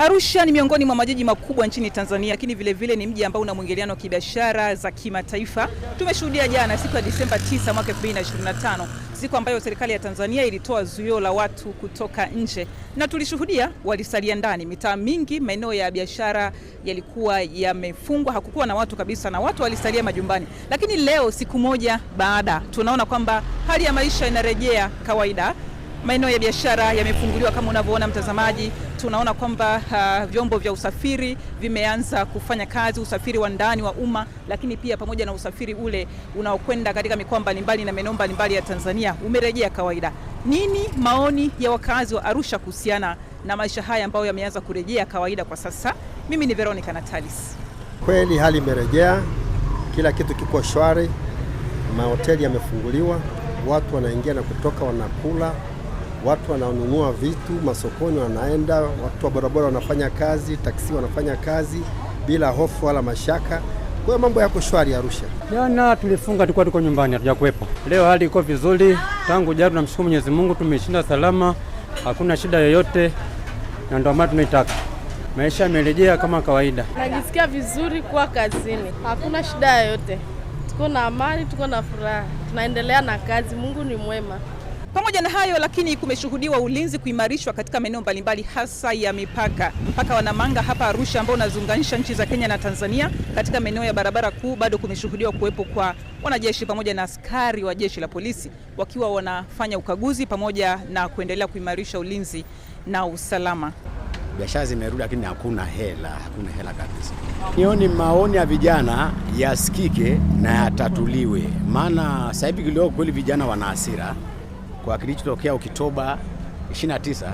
Arusha ni miongoni mwa majiji makubwa nchini Tanzania, lakini vilevile ni mji ambao una mwingiliano wa kibiashara za kimataifa. Tumeshuhudia jana siku ya Disemba 9 mwaka 2025 siku ambayo serikali ya Tanzania ilitoa zuio la watu kutoka nje, na tulishuhudia walisalia ndani. Mitaa mingi, maeneo ya biashara yalikuwa yamefungwa, hakukuwa na watu kabisa, na watu walisalia majumbani. Lakini leo siku moja baada, tunaona kwamba hali ya maisha inarejea kawaida maeneo ya biashara yamefunguliwa kama unavyoona mtazamaji. Tunaona kwamba uh, vyombo vya usafiri vimeanza kufanya kazi, usafiri wa ndani wa umma, lakini pia pamoja na usafiri ule unaokwenda katika mikoa mbalimbali na maeneo mbalimbali ya Tanzania umerejea kawaida. Nini maoni ya wakazi wa Arusha kuhusiana na maisha haya ambayo yameanza kurejea kawaida kwa sasa? Mimi ni Veronica Natalis. Kweli hali imerejea, kila kitu kiko shwari, mahoteli yamefunguliwa, watu wanaingia na kutoka, wanakula watu wananunua vitu masokoni, wanaenda watu wa barabara wanafanya kazi, taksi wanafanya kazi bila hofu wala mashaka. Kwa hiyo mambo yako shwari Arusha. Jana tulifunga, tulikuwa tuko nyumbani, hatujakuwepo. Leo hali iko vizuri tangu jana, tunamshukuru Mwenyezi Mungu, tumeshinda salama, hakuna shida yoyote, na ndio maana tunaitaka maisha yamerejea kama kawaida. Najisikia vizuri kuwa kazini, hakuna shida yoyote, tuko na amani, tuko na furaha, tunaendelea na kazi. Mungu ni mwema. Pamoja na hayo lakini, kumeshuhudiwa ulinzi kuimarishwa katika maeneo mbalimbali, hasa ya mipaka. Mpaka wa Namanga hapa Arusha, ambao unazunganisha nchi za Kenya na Tanzania, katika maeneo ya barabara kuu, bado kumeshuhudiwa kuwepo kwa wanajeshi pamoja na askari wa jeshi la polisi wakiwa wanafanya ukaguzi pamoja na kuendelea kuimarisha ulinzi na usalama. Biashara zimerudi, lakini hakuna hela, hakuna hela kabisa. Nioni maoni ya vijana yasikike na yatatuliwe, maana sasa hivi kilio kweli vijana wana hasira kwa kilichotokea Oktoba 29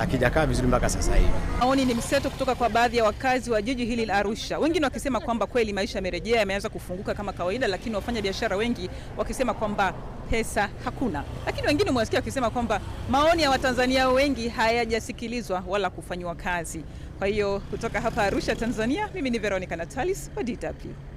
akijakaa vizuri mpaka sasa hivi. Maoni ni mseto kutoka kwa baadhi ya wakazi wa jiji hili la Arusha, wengine wakisema kwamba kweli maisha yamerejea, yameanza kufunguka kama kawaida, lakini wafanya biashara wengi wakisema kwamba pesa hakuna. Lakini wengine umewasikia wakisema kwamba maoni ya Watanzania wengi hayajasikilizwa wala kufanyiwa kazi. Kwa hiyo kutoka hapa Arusha, Tanzania, mimi ni Veronica Natalis wa DW.